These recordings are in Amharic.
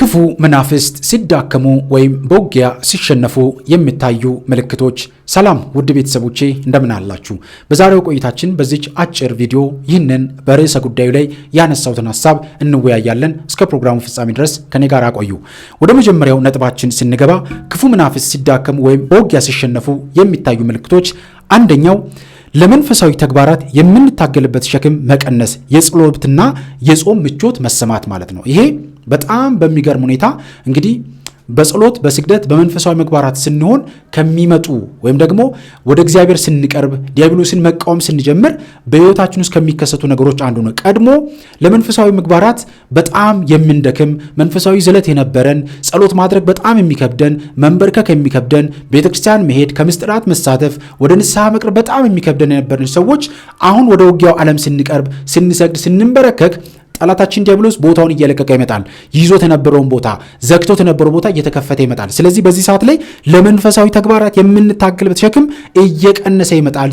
ክፉ መናፍስት ሲዳከሙ ወይም በውጊያ ሲሸነፉ የሚታዩ ምልክቶች። ሰላም ውድ ቤተሰቦቼ እንደምን አላችሁ? በዛሬው ቆይታችን በዚች አጭር ቪዲዮ ይህንን በርዕሰ ጉዳዩ ላይ ያነሳውትን ሀሳብ እንወያያለን። እስከ ፕሮግራሙ ፍጻሜ ድረስ ከኔ ጋር አቆዩ። ወደ መጀመሪያው ነጥባችን ስንገባ ክፉ መናፍስት ሲዳከሙ ወይም በውጊያ ሲሸነፉ የሚታዩ ምልክቶች አንደኛው ለመንፈሳዊ ተግባራት የምንታገልበት ሸክም መቀነስ፣ የጸሎትና የጾም ምቾት መሰማት ማለት ነው። ይሄ በጣም በሚገርም ሁኔታ እንግዲህ በጸሎት በስግደት በመንፈሳዊ ምግባራት ስንሆን ከሚመጡ ወይም ደግሞ ወደ እግዚአብሔር ስንቀርብ ዲያብሎስን መቃወም ስንጀምር በሕይወታችን ውስጥ ከሚከሰቱ ነገሮች አንዱ ነው። ቀድሞ ለመንፈሳዊ ምግባራት በጣም የምንደክም መንፈሳዊ ዝለት የነበረን ጸሎት ማድረግ በጣም የሚከብደን መንበርከክ የሚከብደን ቤተክርስቲያን መሄድ ከምስጢራት መሳተፍ ወደ ንስሐ መቅረብ በጣም የሚከብደን የነበረን ሰዎች አሁን ወደ ውጊያው ዓለም ስንቀርብ ስንሰግድ ስንንበረከክ ጠላታችን ዲያብሎስ ቦታውን እየለቀቀ ይመጣል። ይዞት የነበረውን ቦታ ዘግቶት ተነበረው ቦታ እየተከፈተ ይመጣል። ስለዚህ በዚህ ሰዓት ላይ ለመንፈሳዊ ተግባራት የምንታገልበት ሸክም እየቀነሰ ይመጣል።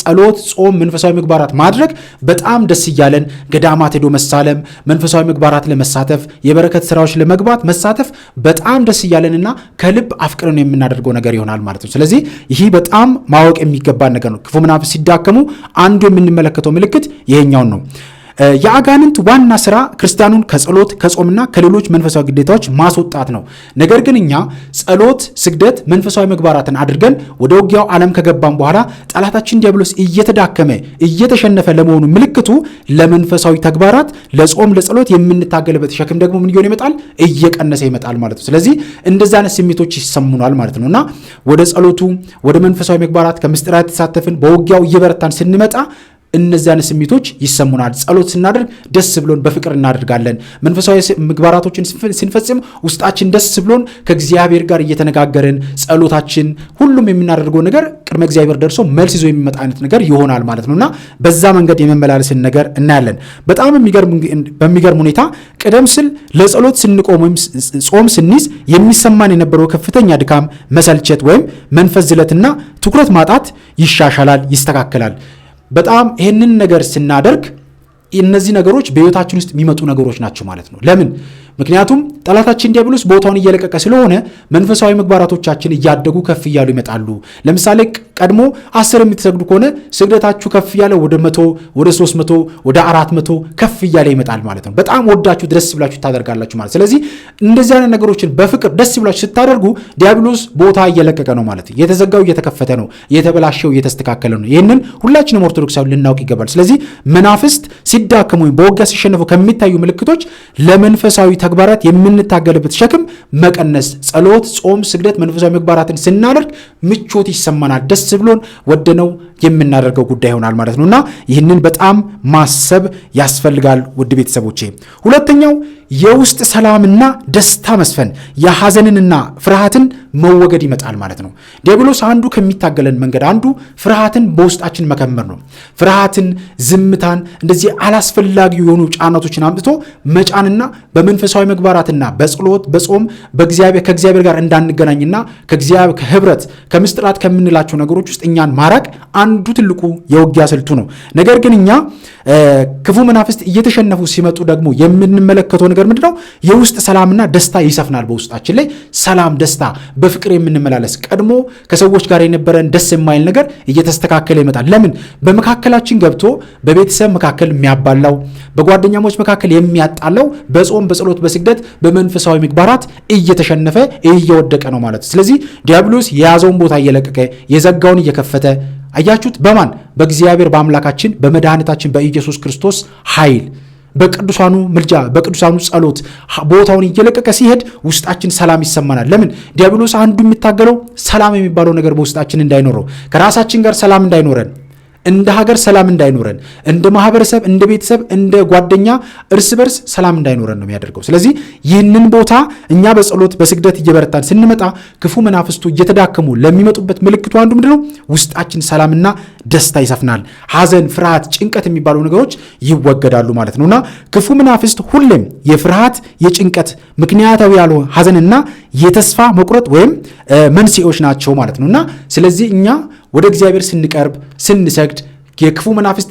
ጸሎት፣ ጾም፣ መንፈሳዊ ምግባራት ማድረግ በጣም ደስ እያለን ገዳማት ሄዶ መሳለም፣ መንፈሳዊ ምግባራት ለመሳተፍ የበረከት ስራዎች ለመግባት መሳተፍ በጣም ደስ እያለንና ከልብ አፍቅረን የምናደርገው ነገር ይሆናል ማለት ነው። ስለዚህ ይህ በጣም ማወቅ የሚገባን ነገር ነው። ክፉ መናፍስት ሲዳከሙ አንዱ የምንመለከተው ምልክት ይሄኛውን ነው። የአጋንንት ዋና ስራ ክርስቲያኑን ከጸሎት ከጾምና ከሌሎች መንፈሳዊ ግዴታዎች ማስወጣት ነው። ነገር ግን እኛ ጸሎት፣ ስግደት፣ መንፈሳዊ ምግባራትን አድርገን ወደ ውጊያው ዓለም ከገባን በኋላ ጠላታችን ዲያብሎስ እየተዳከመ እየተሸነፈ ለመሆኑ ምልክቱ ለመንፈሳዊ ተግባራት ለጾም፣ ለጸሎት የምንታገልበት ሸክም ደግሞ ምን እየሆነ ይመጣል? እየቀነሰ ይመጣል ማለት ነው። ስለዚህ እንደዚህ አይነት ስሜቶች ይሰሙናል ማለት ነው እና ወደ ጸሎቱ ወደ መንፈሳዊ ምግባራት ከምስጢራት የተሳተፍን በውጊያው እየበረታን ስንመጣ እነዚያን ስሜቶች ይሰሙናል። ጸሎት ስናደርግ ደስ ብሎን በፍቅር እናደርጋለን። መንፈሳዊ ምግባራቶችን ስንፈጽም ውስጣችን ደስ ብሎን ከእግዚአብሔር ጋር እየተነጋገርን ጸሎታችን፣ ሁሉም የምናደርገው ነገር ቅድመ እግዚአብሔር ደርሶ መልስ ይዞ የሚመጣ አይነት ነገር ይሆናል ማለት ነውና በዛ መንገድ የመመላለስን ነገር እናያለን። በጣም በሚገርም ሁኔታ ቀደም ሲል ለጸሎት ስንቆም ወይም ጾም ስንይዝ የሚሰማን የነበረው ከፍተኛ ድካም፣ መሰልቸት ወይም መንፈስ ዝለትና ትኩረት ማጣት ይሻሻላል፣ ይስተካከላል። በጣም ይህንን ነገር ስናደርግ እነዚህ ነገሮች በህይወታችን ውስጥ የሚመጡ ነገሮች ናቸው ማለት ነው። ለምን? ምክንያቱም ጠላታችን ዲያብሎስ ቦታውን እየለቀቀ ስለሆነ መንፈሳዊ ምግባራቶቻችን እያደጉ ከፍ እያሉ ይመጣሉ። ለምሳሌ ቀድሞ አስር የምትሰግዱ ከሆነ ስግደታችሁ ከፍ እያለ ወደ መቶ ወደ ሶስት መቶ ወደ አራት መቶ ከፍ እያለ ይመጣል ማለት ነው። በጣም ወዳችሁ ደስ ብላችሁ ታደርጋላችሁ ማለት ስለዚህ እንደዚህ አይነት ነገሮችን በፍቅር ደስ ብላችሁ ስታደርጉ ዲያብሎስ ቦታ እየለቀቀ ነው ማለት የተዘጋው እየተከፈተ ነው፣ የተበላሸው እየተስተካከለ ነው። ይህንን ሁላችንም ኦርቶዶክሳዊ ልናውቅ ይገባል። ስለዚህ መናፍስት ሲዳከሙ ወይም በውጊያ ሲሸነፉ ከሚታዩ ምልክቶች ለመንፈሳዊ ተግባራት የምን የምንታገልበት ሸክም መቀነስ፣ ጸሎት፣ ጾም፣ ስግደት፣ መንፈሳዊ ምግባራትን ስናደርግ ምቾት ይሰማናል። ደስ ብሎን ወደነው የምናደርገው ጉዳይ ይሆናል ማለት ነው እና ይህንን በጣም ማሰብ ያስፈልጋል ውድ ቤተሰቦቼ። ሁለተኛው የውስጥ ሰላምና ደስታ መስፈን የሐዘንንና ፍርሃትን መወገድ ይመጣል ማለት ነው። ዲያብሎስ አንዱ ከሚታገለን መንገድ አንዱ ፍርሃትን በውስጣችን መከመር ነው። ፍርሃትን፣ ዝምታን፣ እንደዚህ አላስፈላጊ የሆኑ ጫናቶችን አምጥቶ መጫንና በመንፈሳዊ መግባራትና በጸሎት በጾም በእግዚአብሔር ከእግዚአብሔር ጋር እንዳንገናኝና ከእግዚአብሔር ከህብረት ከምስጥራት ከምንላቸው ነገሮች ውስጥ እኛን ማራቅ አንዱ ትልቁ የውጊያ ስልቱ ነው። ነገር ግን እኛ ክፉ መናፍስት እየተሸነፉ ሲመጡ ደግሞ የምንመለከተው ነገር ምንድነው? የውስጥ ሰላምና ደስታ ይሰፍናል። በውስጣችን ላይ ሰላም፣ ደስታ በፍቅር የምንመላለስ ቀድሞ ከሰዎች ጋር የነበረን ደስ የማይል ነገር እየተስተካከለ ይመጣል። ለምን በመካከላችን ገብቶ በቤተሰብ መካከል የሚያባላው፣ በጓደኛሞች መካከል የሚያጣለው በጾም በጸሎት በስግደት በመንፈሳዊ ምግባራት እየተሸነፈ እየወደቀ ነው ማለት ስለዚህ ዲያብሎስ የያዘውን ቦታ እየለቀቀ የዘጋውን እየከፈተ አያችሁት? በማን በእግዚአብሔር በአምላካችን በመድኃኒታችን በኢየሱስ ክርስቶስ ኃይል በቅዱሳኑ ምልጃ በቅዱሳኑ ጸሎት ቦታውን እየለቀቀ ሲሄድ ውስጣችን ሰላም ይሰማናል። ለምን ዲያብሎስ አንዱ የሚታገለው ሰላም የሚባለው ነገር በውስጣችን እንዳይኖረው ከራሳችን ጋር ሰላም እንዳይኖረን እንደ ሀገር ሰላም እንዳይኖረን፣ እንደ ማህበረሰብ፣ እንደ ቤተሰብ፣ እንደ ጓደኛ እርስ በርስ ሰላም እንዳይኖረን ነው የሚያደርገው። ስለዚህ ይህንን ቦታ እኛ በጸሎት በስግደት እየበረታን ስንመጣ ክፉ መናፍስቱ እየተዳከሙ ለሚመጡበት ምልክቱ አንዱ ምንድን ውስጣችን ሰላምና ደስታ ይሰፍናል። ሐዘን፣ ፍርሃት፣ ጭንቀት የሚባሉ ነገሮች ይወገዳሉ ማለት ነውና ክፉ መናፍስት ሁሌም የፍርሃት የጭንቀት ምክንያታዊ ያልሆነ ሐዘንና የተስፋ መቁረጥ ወይም መንስኤዎች ናቸው ማለት ነውና ስለዚህ እኛ ወደ እግዚአብሔር ስንቀርብ፣ ስንሰግድ የክፉ መናፍስት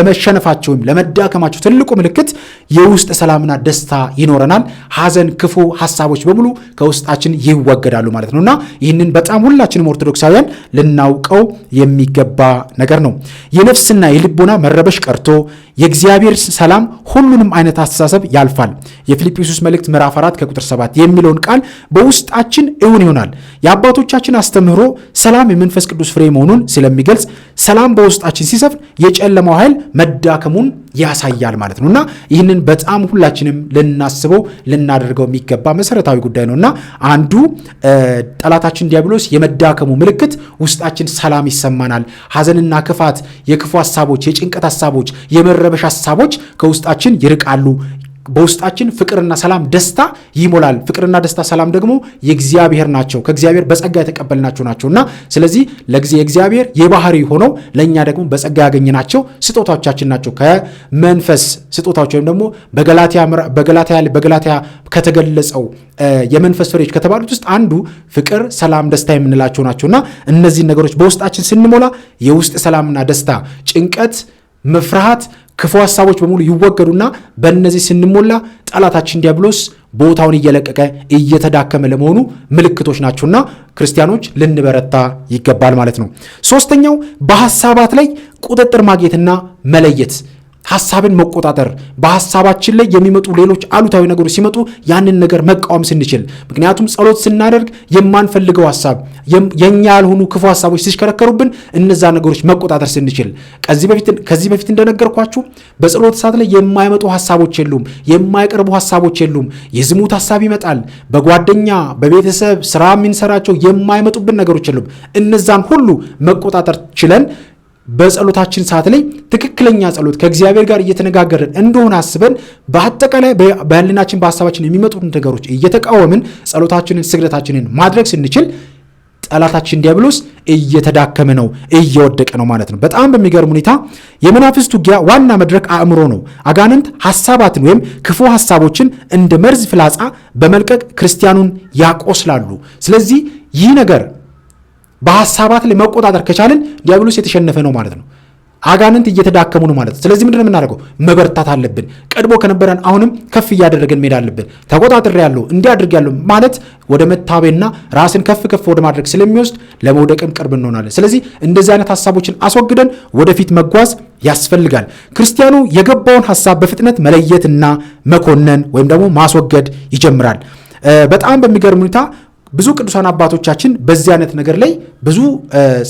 ለመሸነፋቸው ወይም ለመዳከማቸው ትልቁ ምልክት የውስጥ ሰላምና ደስታ ይኖረናል። ሐዘን፣ ክፉ ሀሳቦች በሙሉ ከውስጣችን ይወገዳሉ ማለት ነው እና ይህንን በጣም ሁላችንም ኦርቶዶክሳውያን ልናውቀው የሚገባ ነገር ነው። የነፍስና የልቦና መረበሽ ቀርቶ የእግዚአብሔር ሰላም ሁሉንም አይነት አስተሳሰብ ያልፋል። የፊልጵስዩስ መልእክት ምዕራፍ 4 ከቁጥር 7 የሚለውን ቃል በውስጣችን እውን ይሆናል። የአባቶቻችን አስተምህሮ ሰላም የመንፈስ ቅዱስ ፍሬ መሆኑን ስለሚገልጽ ሰላም በውስጣችን ሲሰፍን የጨለማው ኃይል መዳከሙን ያሳያል ማለት ነው እና ይህንን በጣም ሁላችንም ልናስበው ልናደርገው የሚገባ መሰረታዊ ጉዳይ ነው እና አንዱ ጠላታችን ዲያብሎስ የመዳከሙ ምልክት ውስጣችን ሰላም ይሰማናል። ሐዘንና ክፋት፣ የክፉ ሀሳቦች፣ የጭንቀት ሀሳቦች፣ የመረበሽ ሀሳቦች ከውስጣችን ይርቃሉ። በውስጣችን ፍቅርና ሰላም ደስታ ይሞላል። ፍቅርና ደስታ ሰላም ደግሞ የእግዚአብሔር ናቸው፣ ከእግዚአብሔር በጸጋ የተቀበልናቸው ናቸው እና ስለዚህ የእግዚአብሔር የባህሪ ሆነው ለእኛ ደግሞ በጸጋ ያገኘናቸው ስጦታዎቻችን ናቸው። ከመንፈስ ስጦታዎች ወይም ደግሞ በገላትያ ከተገለጸው የመንፈስ ፍሬዎች ከተባሉት ውስጥ አንዱ ፍቅር፣ ሰላም፣ ደስታ የምንላቸው ናቸው እና እነዚህን ነገሮች በውስጣችን ስንሞላ የውስጥ ሰላምና ደስታ ጭንቀት፣ መፍርሃት ክፉ ሀሳቦች በሙሉ ይወገዱና በእነዚህ ስንሞላ ጠላታችን ዲያብሎስ ቦታውን እየለቀቀ እየተዳከመ ለመሆኑ ምልክቶች ናቸውና ክርስቲያኖች ልንበረታ ይገባል ማለት ነው። ሶስተኛው በሀሳባት ላይ ቁጥጥር ማግኘትና መለየት ሀሳብን መቆጣጠር በሀሳባችን ላይ የሚመጡ ሌሎች አሉታዊ ነገሮች ሲመጡ ያንን ነገር መቃወም ስንችል፣ ምክንያቱም ጸሎት ስናደርግ የማንፈልገው ሀሳብ የእኛ ያልሆኑ ክፉ ሀሳቦች ሲሽከረከሩብን እነዛ ነገሮች መቆጣጠር ስንችል፣ ከዚህ በፊት እንደነገርኳችሁ በጸሎት ሰዓት ላይ የማይመጡ ሀሳቦች የሉም፣ የማይቀርቡ ሀሳቦች የሉም። የዝሙት ሀሳብ ይመጣል። በጓደኛ በቤተሰብ ስራ የምንሰራቸው የማይመጡብን ነገሮች የሉም። እነዛን ሁሉ መቆጣጠር ችለን በጸሎታችን ሰዓት ላይ ትክክለኛ ጸሎት ከእግዚአብሔር ጋር እየተነጋገርን እንደሆነ አስበን በአጠቃላይ በህልናችን በሀሳባችን የሚመጡት ነገሮች እየተቃወምን ጸሎታችንን፣ ስግደታችንን ማድረግ ስንችል ጠላታችን ዲያብሎስ እየተዳከመ ነው፣ እየወደቀ ነው ማለት ነው። በጣም በሚገርም ሁኔታ የመናፍስት ውጊያ ዋና መድረክ አእምሮ ነው። አጋንንት ሀሳባትን ወይም ክፉ ሀሳቦችን እንደ መርዝ ፍላጻ በመልቀቅ ክርስቲያኑን ያቆስላሉ። ስለዚህ ይህ ነገር በሀሳባት ላይ መቆጣጠር ከቻልን ዲያብሎስ የተሸነፈ ነው ማለት ነው። አጋንንት እየተዳከሙ ነው ማለት ነው። ስለዚህ ምንድን ነው የምናደርገው? መበርታት አለብን። ቀድሞ ከነበረን አሁንም ከፍ እያደረገን መሄድ አለብን። ተቆጣጥሬ ያለው እንዲያድርግ ያለው ማለት ወደ መታበይና ራስን ከፍ ከፍ ወደ ማድረግ ስለሚወስድ ለመውደቅም ቅርብ እንሆናለን። ስለዚህ እንደዚህ አይነት ሀሳቦችን አስወግደን ወደፊት መጓዝ ያስፈልጋል። ክርስቲያኑ የገባውን ሀሳብ በፍጥነት መለየትና መኮነን ወይም ደግሞ ማስወገድ ይጀምራል። በጣም በሚገርም ሁኔታ ብዙ ቅዱሳን አባቶቻችን በዚህ አይነት ነገር ላይ ብዙ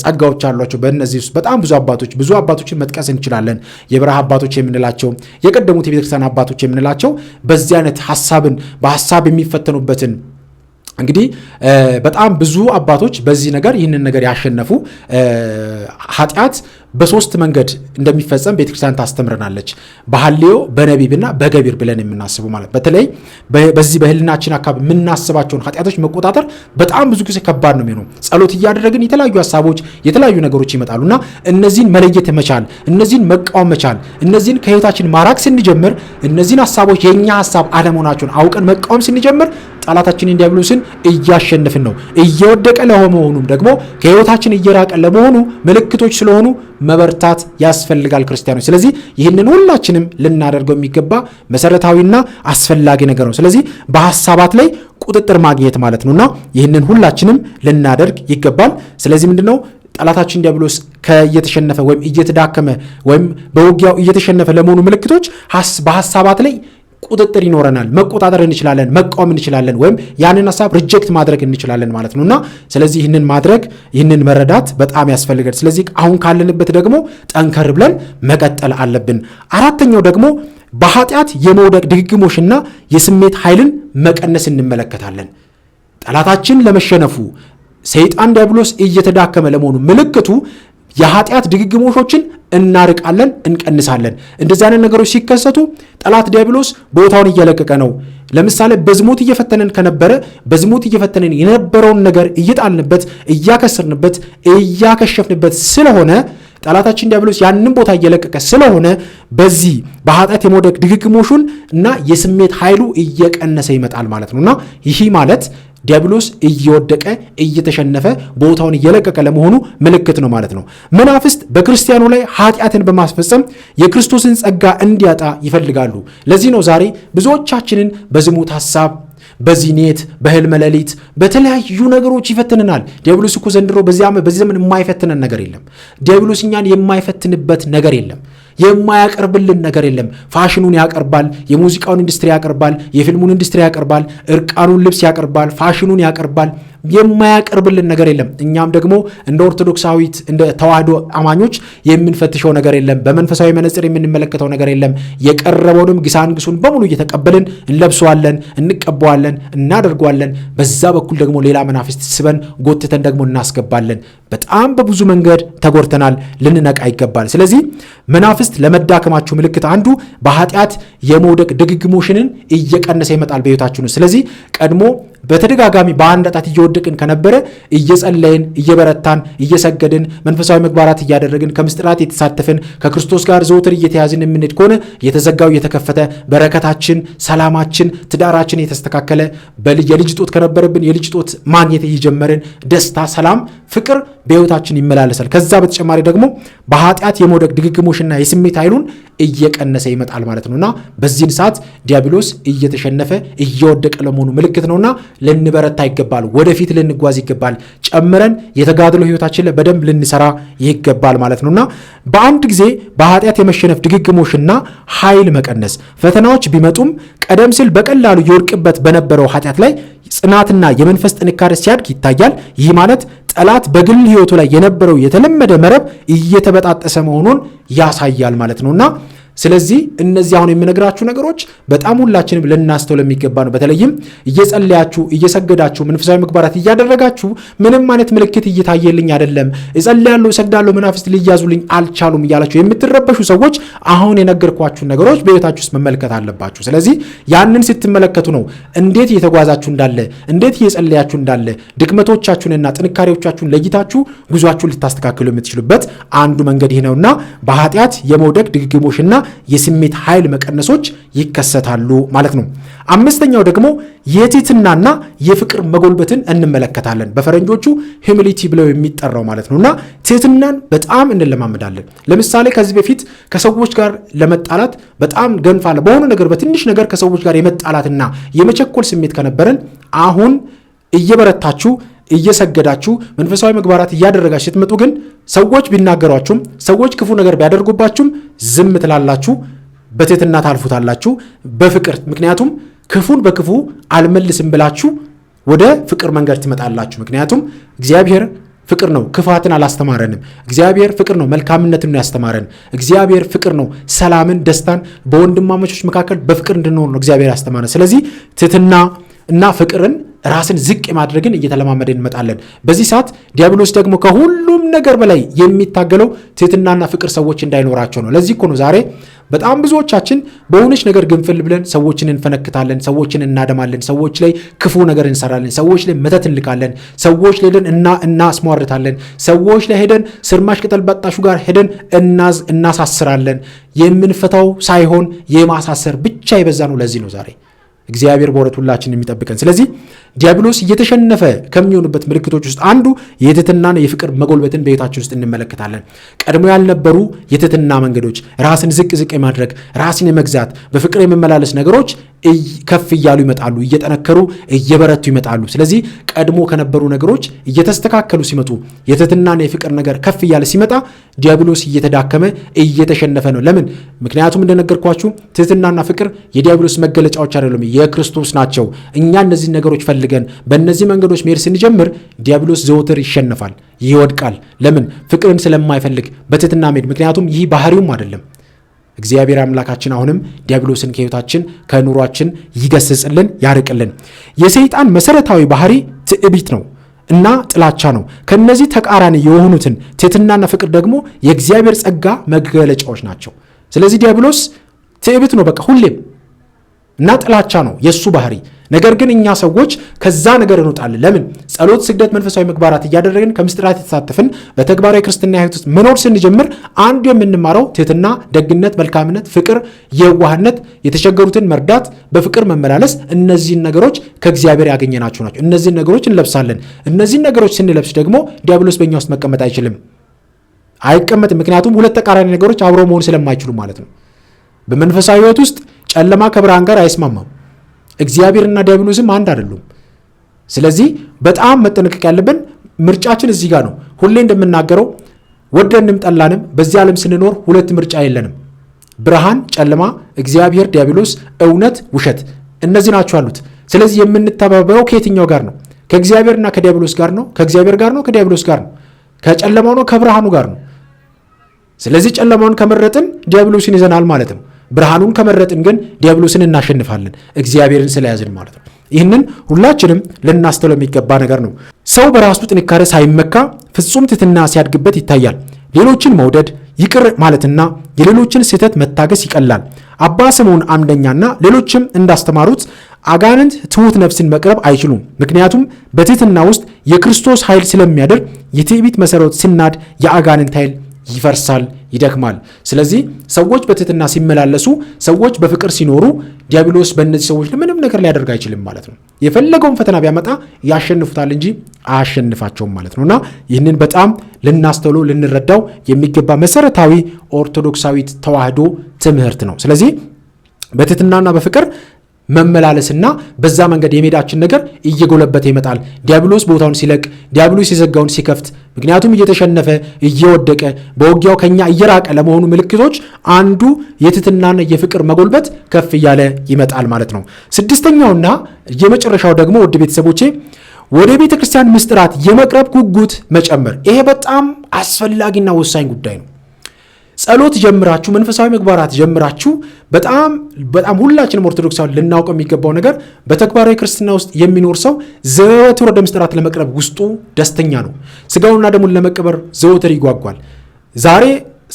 ጸጋዎች አሏቸው። በእነዚህ ውስጥ በጣም ብዙ አባቶች ብዙ አባቶችን መጥቀስ እንችላለን። የበረሃ አባቶች የምንላቸው የቀደሙት የቤተክርስቲያን አባቶች የምንላቸው በዚህ አይነት ሀሳብን በሀሳብ የሚፈተኑበትን እንግዲህ በጣም ብዙ አባቶች በዚህ ነገር ይህንን ነገር ያሸነፉ ኃጢአት በሶስት መንገድ እንደሚፈጸም ቤተክርስቲያን ታስተምረናለች። በሐልዮ በነቢብና በገቢር ብለን የምናስቡ ማለት በተለይ በዚህ በህልናችን አካባቢ የምናስባቸውን ኃጢአቶች መቆጣጠር በጣም ብዙ ጊዜ ከባድ ነው የሚሆነው። ጸሎት እያደረግን የተለያዩ ሀሳቦች፣ የተለያዩ ነገሮች ይመጣሉ እና እነዚህን መለየት መቻል፣ እነዚህን መቃወም መቻል፣ እነዚህን ከህይወታችን ማራቅ ስንጀምር፣ እነዚህን ሀሳቦች የእኛ ሀሳብ አለመሆናቸውን አውቀን መቃወም ስንጀምር ጠላታችን ዲያብሎስን እያሸነፍን ነው። እየወደቀ ለመሆኑም ደግሞ ከህይወታችን እየራቀ ለመሆኑ ምልክቶች ስለሆኑ መበርታት ያስፈልጋል ክርስቲያኖች። ስለዚህ ይህንን ሁላችንም ልናደርገው የሚገባ መሰረታዊና አስፈላጊ ነገር ነው። ስለዚህ በሀሳባት ላይ ቁጥጥር ማግኘት ማለት ነውና ይህንን ሁላችንም ልናደርግ ይገባል። ስለዚህ ምንድን ነው ጠላታችን ዲያብሎስ ከእየተሸነፈ ወይም እየተዳከመ ወይም በውጊያው እየተሸነፈ ለመሆኑ ምልክቶች በሀሳባት ላይ ቁጥጥር ይኖረናል፣ መቆጣጠር እንችላለን፣ መቃወም እንችላለን፣ ወይም ያንን ሀሳብ ሪጀክት ማድረግ እንችላለን ማለት ነው እና ስለዚህ ይህንን ማድረግ ይህንን መረዳት በጣም ያስፈልጋል። ስለዚህ አሁን ካለንበት ደግሞ ጠንከር ብለን መቀጠል አለብን። አራተኛው ደግሞ በኃጢአት የመውደቅ ድግግሞሽና የስሜት ኃይልን መቀነስ እንመለከታለን። ጠላታችን ለመሸነፉ ሰይጣን ዲያብሎስ እየተዳከመ ለመሆኑ ምልክቱ የኃጢአት ድግግሞሾችን እናርቃለን፣ እንቀንሳለን። እንደዚህ አይነት ነገሮች ሲከሰቱ ጠላት ዲያብሎስ ቦታውን እየለቀቀ ነው። ለምሳሌ በዝሙት እየፈተነን ከነበረ በዝሙት እየፈተነን የነበረውን ነገር እየጣልንበት፣ እያከሰርንበት፣ እያከሸፍንበት ስለሆነ ጠላታችን ዲያብሎስ ያንን ቦታ እየለቀቀ ስለሆነ በዚህ በኃጢአት የመውደቅ ድግግሞሹን እና የስሜት ኃይሉ እየቀነሰ ይመጣል ማለት ነው እና ይህ ማለት ዲያብሎስ እየወደቀ እየተሸነፈ ቦታውን እየለቀቀ ለመሆኑ ምልክት ነው ማለት ነው። መናፍስት በክርስቲያኑ ላይ ኃጢአትን በማስፈጸም የክርስቶስን ጸጋ እንዲያጣ ይፈልጋሉ። ለዚህ ነው ዛሬ ብዙዎቻችንን በዝሙት ሐሳብ በዚኔት በህልመ ሌሊት በተለያዩ ነገሮች ይፈትንናል። ዲያብሎስ እኮ ዘንድሮ በዚህ ዘመን የማይፈትነን ነገር የለም። ዲያብሎስ እኛን የማይፈትንበት ነገር የለም። የማያቀርብልን ነገር የለም። ፋሽኑን ያቀርባል፣ የሙዚቃውን ኢንዱስትሪ ያቀርባል፣ የፊልሙን ኢንዱስትሪ ያቀርባል፣ እርቃኑን ልብስ ያቀርባል፣ ፋሽኑን ያቀርባል። የማያቀርብልን ነገር የለም። እኛም ደግሞ እንደ ኦርቶዶክሳዊት እንደ ተዋህዶ አማኞች የምንፈትሸው ነገር የለም። በመንፈሳዊ መነጽር የምንመለከተው ነገር የለም። የቀረበውንም ግሳንግሱን በሙሉ እየተቀበልን እንለብሰዋለን፣ እንቀበዋለን፣ እናደርጓለን። በዛ በኩል ደግሞ ሌላ መናፍስት ስበን ጎትተን ደግሞ እናስገባለን። በጣም በብዙ መንገድ ተጎድተናል። ልንነቃ ይገባል። ስለዚህ መናፍስት ለመዳከማችሁ ምልክት አንዱ በኃጢአት የመውደቅ ድግግሞሽንን እየቀነሰ ይመጣል በሕይወታችን ስለዚህ ቀድሞ በተደጋጋሚ በአንድ ጣት እየወደቅን ከነበረ እየጸለይን እየበረታን እየሰገድን መንፈሳዊ ምግባራት እያደረግን ከምስጢራት የተሳተፍን ከክርስቶስ ጋር ዘውትር እየተያዝን የምንሄድ ከሆነ የተዘጋው እየተከፈተ በረከታችን፣ ሰላማችን፣ ትዳራችን የተስተካከለ የልጅ ጦት ከነበረብን የልጅ ጦት ማግኘት እየጀመርን ደስታ፣ ሰላም፣ ፍቅር በህይወታችን ይመላለሳል። ከዛ በተጨማሪ ደግሞ በኃጢአት የመውደቅ ድግግሞሽና የስሜት ኃይሉን እየቀነሰ ይመጣል ማለት ነውና በዚህን ሰዓት ዲያብሎስ እየተሸነፈ እየወደቀ ለመሆኑ ምልክት ነውና ልንበረታ ይገባል። ወደፊት ልንጓዝ ይገባል። ጨምረን የተጋድሎ ላይ በደንብ ልንሰራ ይገባል ማለት ነውና በአንድ ጊዜ በኃጢአት የመሸነፍ ድግግሞሽና ኃይል መቀነስ ፈተናዎች ቢመጡም ቀደም ሲል በቀላሉ የወድቅበት በነበረው ኃጢአት ላይ ጽናትና የመንፈስ ጥንካሬ ሲያድግ ይታያል። ይህ ማለት ጠላት በግል ህይወቱ ላይ የነበረው የተለመደ መረብ እየተበጣጠሰ መሆኑን ያሳያል ማለት ነውና ስለዚህ እነዚህ አሁን የምነግራችሁ ነገሮች በጣም ሁላችንም ልናስተውል የሚገባ ነው። በተለይም እየጸለያችሁ እየሰገዳችሁ መንፈሳዊ ምግባራት እያደረጋችሁ ምንም አይነት ምልክት እየታየልኝ አይደለም፣ እጸለያለሁ፣ እሰግዳለሁ፣ መናፍስት ሊያዙልኝ አልቻሉም እያላችሁ የምትረበሹ ሰዎች አሁን የነገርኳችሁን ነገሮች በሕይወታችሁ ውስጥ መመልከት አለባችሁ። ስለዚህ ያንን ስትመለከቱ ነው እንዴት እየተጓዛችሁ እንዳለ፣ እንዴት እየጸለያችሁ እንዳለ ድክመቶቻችሁንና ጥንካሬዎቻችሁን ለይታችሁ ጉዟችሁን ልታስተካክሉ የምትችሉበት አንዱ መንገድ ይህ ነውና በኃጢአት የመውደቅ ድግግሞሽና የስሜት ኃይል መቀነሶች ይከሰታሉ ማለት ነው። አምስተኛው ደግሞ የቴትናና የፍቅር መጎልበትን እንመለከታለን። በፈረንጆቹ ሂሚሊቲ ብለው የሚጠራው ማለት ነው እና ቴትናን በጣም እንለማመዳለን። ለምሳሌ ከዚህ በፊት ከሰዎች ጋር ለመጣላት በጣም ገንፋለ በሆኑ ነገር በትንሽ ነገር ከሰዎች ጋር የመጣላትና የመቸኮል ስሜት ከነበረን አሁን እየበረታችሁ እየሰገዳችሁ መንፈሳዊ ምግባራት እያደረጋችሁ ስትመጡ ግን ሰዎች ቢናገሯችሁም ሰዎች ክፉ ነገር ቢያደርጉባችሁም ዝም ትላላችሁ፣ በትህትና ታልፉታላችሁ በፍቅር ምክንያቱም ክፉን በክፉ አልመልስም ብላችሁ ወደ ፍቅር መንገድ ትመጣላችሁ። ምክንያቱም እግዚአብሔር ፍቅር ነው፣ ክፋትን አላስተማረንም። እግዚአብሔር ፍቅር ነው፣ መልካምነትን ነው ያስተማረን። እግዚአብሔር ፍቅር ነው፣ ሰላምን፣ ደስታን በወንድማማቾች መካከል በፍቅር እንድንሆን ነው እግዚአብሔር ያስተማረን። ስለዚህ ትህትና እና ፍቅርን ራስን ዝቅ ማድረግን እየተለማመደ እንመጣለን። በዚህ ሰዓት ዲያብሎስ ደግሞ ከሁሉም ነገር በላይ የሚታገለው ትህትናና ፍቅር ሰዎች እንዳይኖራቸው ነው። ለዚህ እኮ ነው ዛሬ በጣም ብዙዎቻችን በሆነች ነገር ግንፍል ብለን ሰዎችን እንፈነክታለን፣ ሰዎችን እናደማለን፣ ሰዎች ላይ ክፉ ነገር እንሰራለን፣ ሰዎች ላይ መተት እንልካለን፣ ሰዎች ላይ ሄደን እና እናስሟርታለን፣ ሰዎች ላይ ሄደን ስርማሽ ቅጠል በጣሹ ጋር ሄደን እናሳስራለን። የምንፈታው ሳይሆን የማሳሰር ብቻ የበዛ ነው። ለዚህ ነው ዛሬ እግዚአብሔር በእውነት ሁላችን የሚጠብቀን። ስለዚህ ዲያብሎስ እየተሸነፈ ከሚሆኑበት ምልክቶች ውስጥ አንዱ የትትናን የፍቅር መጎልበትን በሕይወታችን ውስጥ እንመለከታለን። ቀድሞ ያልነበሩ የትትና መንገዶች፣ ራስን ዝቅ ዝቅ የማድረግ ራስን የመግዛት በፍቅር የመመላለስ ነገሮች ከፍ እያሉ ይመጣሉ፣ እየጠነከሩ እየበረቱ ይመጣሉ። ስለዚህ ቀድሞ ከነበሩ ነገሮች እየተስተካከሉ ሲመጡ የትህትናና የፍቅር ነገር ከፍ እያለ ሲመጣ ዲያብሎስ እየተዳከመ እየተሸነፈ ነው። ለምን? ምክንያቱም እንደነገርኳችሁ ትህትናና ፍቅር የዲያብሎስ መገለጫዎች አይደሉም፣ የክርስቶስ ናቸው። እኛ እነዚህ ነገሮች ፈልገን በእነዚህ መንገዶች መሄድ ስንጀምር ዲያብሎስ ዘወትር ይሸነፋል፣ ይወድቃል። ለምን? ፍቅርን ስለማይፈልግ በትህትና መሄድ። ምክንያቱም ይህ ባህሪውም አይደለም። እግዚአብሔር አምላካችን አሁንም ዲያብሎስን ከህይወታችን ከኑሯችን ይገስጽልን፣ ያርቅልን። የሰይጣን መሰረታዊ ባህሪ ትዕቢት ነው እና ጥላቻ ነው። ከነዚህ ተቃራኒ የሆኑትን ትህትናና ፍቅር ደግሞ የእግዚአብሔር ጸጋ መገለጫዎች ናቸው። ስለዚህ ዲያብሎስ ትዕቢት ነው በቃ ሁሌም እና ጥላቻ ነው የእሱ ባህሪ ነገር ግን እኛ ሰዎች ከዛ ነገር እንወጣለን። ለምን ጸሎት፣ ስግደት፣ መንፈሳዊ ምግባራት እያደረግን ከምስጢራት የተሳተፍን በተግባራዊ ክርስትና ሕይወት ውስጥ መኖር ስንጀምር አንዱ የምንማረው ትህትና፣ ደግነት፣ መልካምነት፣ ፍቅር፣ የዋህነት፣ የተቸገሩትን መርዳት፣ በፍቅር መመላለስ፣ እነዚህን ነገሮች ከእግዚአብሔር ያገኘናቸው ናቸው። እነዚህን ነገሮች እንለብሳለን። እነዚህን ነገሮች ስንለብስ ደግሞ ዲያብሎስ በእኛ ውስጥ መቀመጥ አይችልም፣ አይቀመጥም። ምክንያቱም ሁለት ተቃራኒ ነገሮች አብረው መሆን ስለማይችሉ ማለት ነው። በመንፈሳዊ ሕይወት ውስጥ ጨለማ ከብርሃን ጋር አይስማማም። እግዚአብሔርና ዲያብሎስም አንድ አይደሉም። ስለዚህ በጣም መጠንቀቅ ያለብን ምርጫችን እዚህ ጋር ነው። ሁሌ እንደምናገረው ወደንም ጠላንም በዚህ ዓለም ስንኖር ሁለት ምርጫ የለንም። ብርሃን፣ ጨለማ፣ እግዚአብሔር፣ ዲያብሎስ፣ እውነት፣ ውሸት እነዚህ ናቸው አሉት። ስለዚህ የምንተባበረው ከየትኛው ጋር ነው? ከእግዚአብሔርና ከዲያብሎስ ጋር ነው። ከእግዚአብሔር ጋር ነው። ከዲያብሎስ ጋር ነው። ከጨለማው ነው። ከብርሃኑ ጋር ነው። ስለዚህ ጨለማውን ከመረጥን ዲያብሎስን ይዘናል ማለት ነው። ብርሃኑን ከመረጥን ግን ዲያብሎስን እናሸንፋለን፣ እግዚአብሔርን ስለያዝን ማለት ነው። ይህንን ሁላችንም ልናስተውለው የሚገባ ነገር ነው። ሰው በራሱ ጥንካሬ ሳይመካ ፍጹም ትትና ሲያድግበት ይታያል። ሌሎችን መውደድ ይቅር ማለትና የሌሎችን ስህተት መታገስ ይቀላል። አባ ስምዖን አምደኛና ሌሎችም እንዳስተማሩት አጋንንት ትሑት ነፍስን መቅረብ አይችሉም። ምክንያቱም በትህትና ውስጥ የክርስቶስ ኃይል ስለሚያደርግ የትዕቢት መሠረት ስናድ የአጋንንት ኃይል ይፈርሳል፣ ይደክማል። ስለዚህ ሰዎች በትህትና ሲመላለሱ፣ ሰዎች በፍቅር ሲኖሩ ዲያብሎስ በእነዚህ ሰዎች ምንም ነገር ሊያደርግ አይችልም ማለት ነው። የፈለገውን ፈተና ቢያመጣ ያሸንፉታል እንጂ አያሸንፋቸውም ማለት ነው እና ይህንን በጣም ልናስተውሎ ልንረዳው የሚገባ መሰረታዊ ኦርቶዶክሳዊት ተዋህዶ ትምህርት ነው። ስለዚህ በትህትናና በፍቅር መመላለስና በዛ መንገድ የሜዳችን ነገር እየጎለበተ ይመጣል። ዲያብሎስ ቦታውን ሲለቅ፣ ዲያብሎስ የዘጋውን ሲከፍት፣ ምክንያቱም እየተሸነፈ እየወደቀ በውጊያው ከኛ እየራቀ ለመሆኑ ምልክቶች አንዱ የትትናና የፍቅር መጎልበት ከፍ እያለ ይመጣል ማለት ነው። ስድስተኛውና የመጨረሻው ደግሞ ውድ ቤተሰቦቼ ወደ ቤተ ክርስቲያን ምስጢራት የመቅረብ ጉጉት መጨመር። ይሄ በጣም አስፈላጊና ወሳኝ ጉዳይ ነው። ጸሎት ጀምራችሁ መንፈሳዊ ምግባራት ጀምራችሁ በጣም በጣም ሁላችንም ኦርቶዶክሳውያን ልናውቀው የሚገባው ነገር በተግባራዊ ክርስትና ውስጥ የሚኖር ሰው ዘወትር ወደ ምስጢራት ለመቅረብ ውስጡ ደስተኛ ነው። ስጋውና ደሙን ለመቀበር ዘወትር ይጓጓል። ዛሬ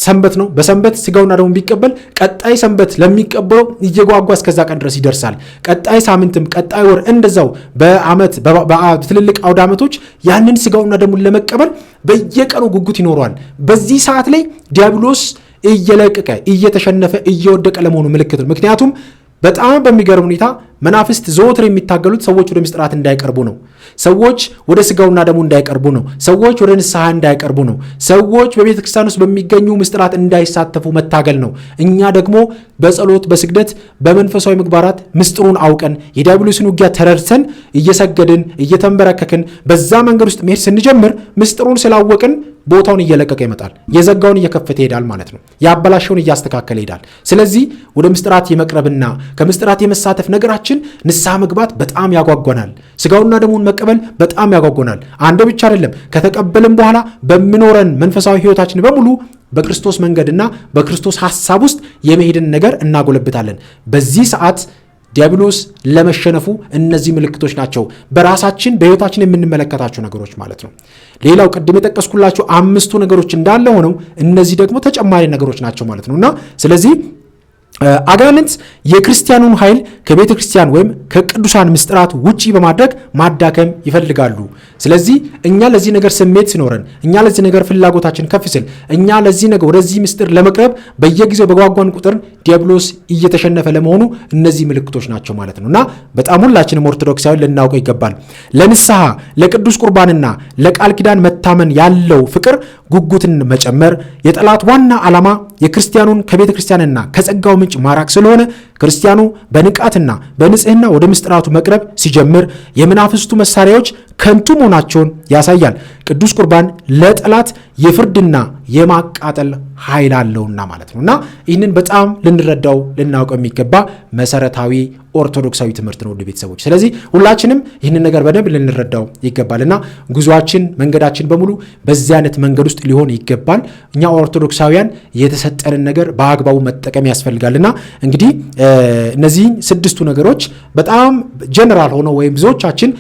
ሰንበት ነው። በሰንበት ስጋውና ደሙን ቢቀበል ቀጣይ ሰንበት ለሚቀበለው እየጓጓ እስከዛ ቀን ድረስ ይደርሳል። ቀጣይ ሳምንትም ቀጣይ ወር እንደዛው በዓመት በትልልቅ አውደ ዓመቶች ያንን ስጋውና ደሙን ለመቀበል በየቀኑ ጉጉት ይኖረዋል። በዚህ ሰዓት ላይ ዲያብሎስ እየለቀቀ እየተሸነፈ እየወደቀ ለመሆኑ ምልክት ነው። ምክንያቱም በጣም በሚገርም ሁኔታ መናፍስት ዘወትር የሚታገሉት ሰዎች ወደ ምስጢራት እንዳይቀርቡ ነው። ሰዎች ወደ ስጋውና ደሙ እንዳይቀርቡ ነው። ሰዎች ወደ ንስሐ እንዳይቀርቡ ነው። ሰዎች በቤተ ክርስቲያን ውስጥ በሚገኙ ምስጢራት እንዳይሳተፉ መታገል ነው። እኛ ደግሞ በጸሎት በስግደት፣ በመንፈሳዊ ምግባራት ምስጢሩን አውቀን የዲያብሎስን ውጊያ ተረድተን እየሰገድን እየተንበረከክን በዛ መንገድ ውስጥ መሄድ ስንጀምር ምስጢሩን ስላወቅን ቦታውን እየለቀቀ ይመጣል። የዘጋውን እየከፈተ ይሄዳል ማለት ነው። ያበላሸውን እያስተካከለ ይሄዳል። ስለዚህ ወደ ምስጢራት የመቅረብና ከምስጢራት የመሳተፍ ነገራችን ውስጣችን ንስሐ መግባት በጣም ያጓጓናል። ስጋውና ደሙን መቀበል በጣም ያጓጓናል። አንድ ብቻ አይደለም፣ ከተቀበልን በኋላ በሚኖረን መንፈሳዊ ህይወታችን በሙሉ በክርስቶስ መንገድና በክርስቶስ ሐሳብ ውስጥ የመሄድን ነገር እናጎለብታለን። በዚህ ሰዓት ዲያብሎስ ለመሸነፉ እነዚህ ምልክቶች ናቸው። በራሳችን በህይወታችን የምንመለከታቸው ነገሮች ማለት ነው። ሌላው ቅድም የጠቀስኩላቸው አምስቱ ነገሮች እንዳለ ሆነው እነዚህ ደግሞ ተጨማሪ ነገሮች ናቸው ማለት ነው እና ስለዚህ አጋንንት የክርስቲያኑን ኃይል ከቤተ ክርስቲያን ወይም ከቅዱሳን ምስጢራት ውጪ በማድረግ ማዳከም ይፈልጋሉ። ስለዚህ እኛ ለዚህ ነገር ስሜት ሲኖረን፣ እኛ ለዚህ ነገር ፍላጎታችን ከፍ ሲል፣ እኛ ለዚህ ነገር ወደዚህ ምስጢር ለመቅረብ በየጊዜው በጓጓን ቁጥር ዲያብሎስ እየተሸነፈ ለመሆኑ እነዚህ ምልክቶች ናቸው ማለት ነው እና በጣም ሁላችንም ኦርቶዶክሳዊ ልናውቀው ይገባል። ለንስሐ ለቅዱስ ቁርባንና ለቃል ኪዳን መታመን ያለው ፍቅር ጉጉትን መጨመር የጠላት ዋና ዓላማ የክርስቲያኑን ከቤተ ክርስቲያንና ከጸጋው ምንጭ ማራቅ ስለሆነ ክርስቲያኑ በንቃትና በንጽህና ወደ ምስጢራቱ መቅረብ ሲጀምር የመናፍስቱ መሳሪያዎች ከንቱ መሆናቸውን ያሳያል። ቅዱስ ቁርባን ለጠላት የፍርድና የማቃጠል ኃይል አለውና ማለት ነው። እና ይህንን በጣም ልንረዳው ልናውቀው የሚገባ መሰረታዊ ኦርቶዶክሳዊ ትምህርት ነው። ውድ ቤተሰቦች፣ ስለዚህ ሁላችንም ይህንን ነገር በደንብ ልንረዳው ይገባል እና ጉዟችን መንገዳችን በሙሉ በዚህ አይነት መንገድ ውስጥ ሊሆን ይገባል። እኛ ኦርቶዶክሳውያን የተሰጠንን ነገር በአግባቡ መጠቀም ያስፈልጋል እና እንግዲህ እነዚህ ስድስቱ ነገሮች በጣም ጀነራል ሆነው ወይም ብዙዎቻችን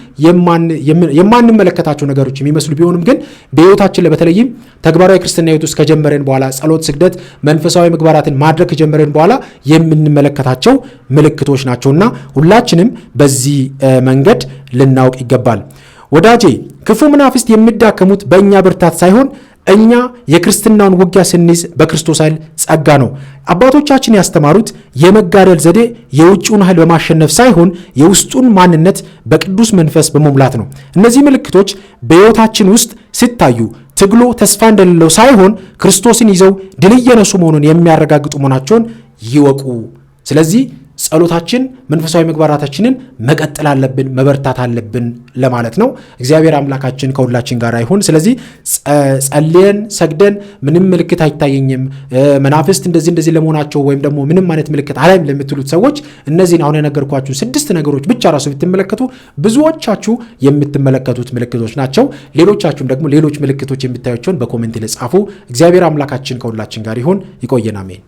የማንመለከታቸው ነገሮች የሚመስሉ ቢሆንም ግን በህይወታችን ላይ በተለይም ተግባራዊ ክርስትና ህይወት ውስጥ ከጀመረን በኋላ ጸሎት፣ ስግደት፣ መንፈሳዊ ምግባራትን ማድረግ ከጀመርን በኋላ የምንመለከታቸው ምልክቶች ናቸውና ሁላችንም በዚህ መንገድ ልናውቅ ይገባል። ወዳጄ ክፉ መናፍስት የሚዳከሙት በእኛ ብርታት ሳይሆን እኛ የክርስትናውን ውጊያ ስንይዝ በክርስቶስ ኃይል ጸጋ ነው። አባቶቻችን ያስተማሩት የመጋደል ዘዴ የውጭውን ኃይል በማሸነፍ ሳይሆን የውስጡን ማንነት በቅዱስ መንፈስ በመሙላት ነው። እነዚህ ምልክቶች በሕይወታችን ውስጥ ሲታዩ ትግሎ ተስፋ እንደሌለው ሳይሆን ክርስቶስን ይዘው ድል እየነሱ መሆኑን የሚያረጋግጡ መሆናቸውን ይወቁ። ስለዚህ ጸሎታችን መንፈሳዊ ምግባራታችንን መቀጠል አለብን፣ መበርታት አለብን ለማለት ነው። እግዚአብሔር አምላካችን ከሁላችን ጋር ይሁን። ስለዚህ ጸልየን ሰግደን ምንም ምልክት አይታየኝም መናፍስት እንደዚህ እንደዚህ ለመሆናቸው ወይም ደግሞ ምንም አይነት ምልክት አላይም ለምትሉት ሰዎች እነዚህን አሁን የነገርኳችሁ ስድስት ነገሮች ብቻ ራሱ ብትመለከቱ ብዙዎቻችሁ የምትመለከቱት ምልክቶች ናቸው። ሌሎቻችሁም ደግሞ ሌሎች ምልክቶች የምታያቸውን በኮሜንት ልጻፉ። እግዚአብሔር አምላካችን ከሁላችን ጋር ይሁን። ይቆየን። አሜን።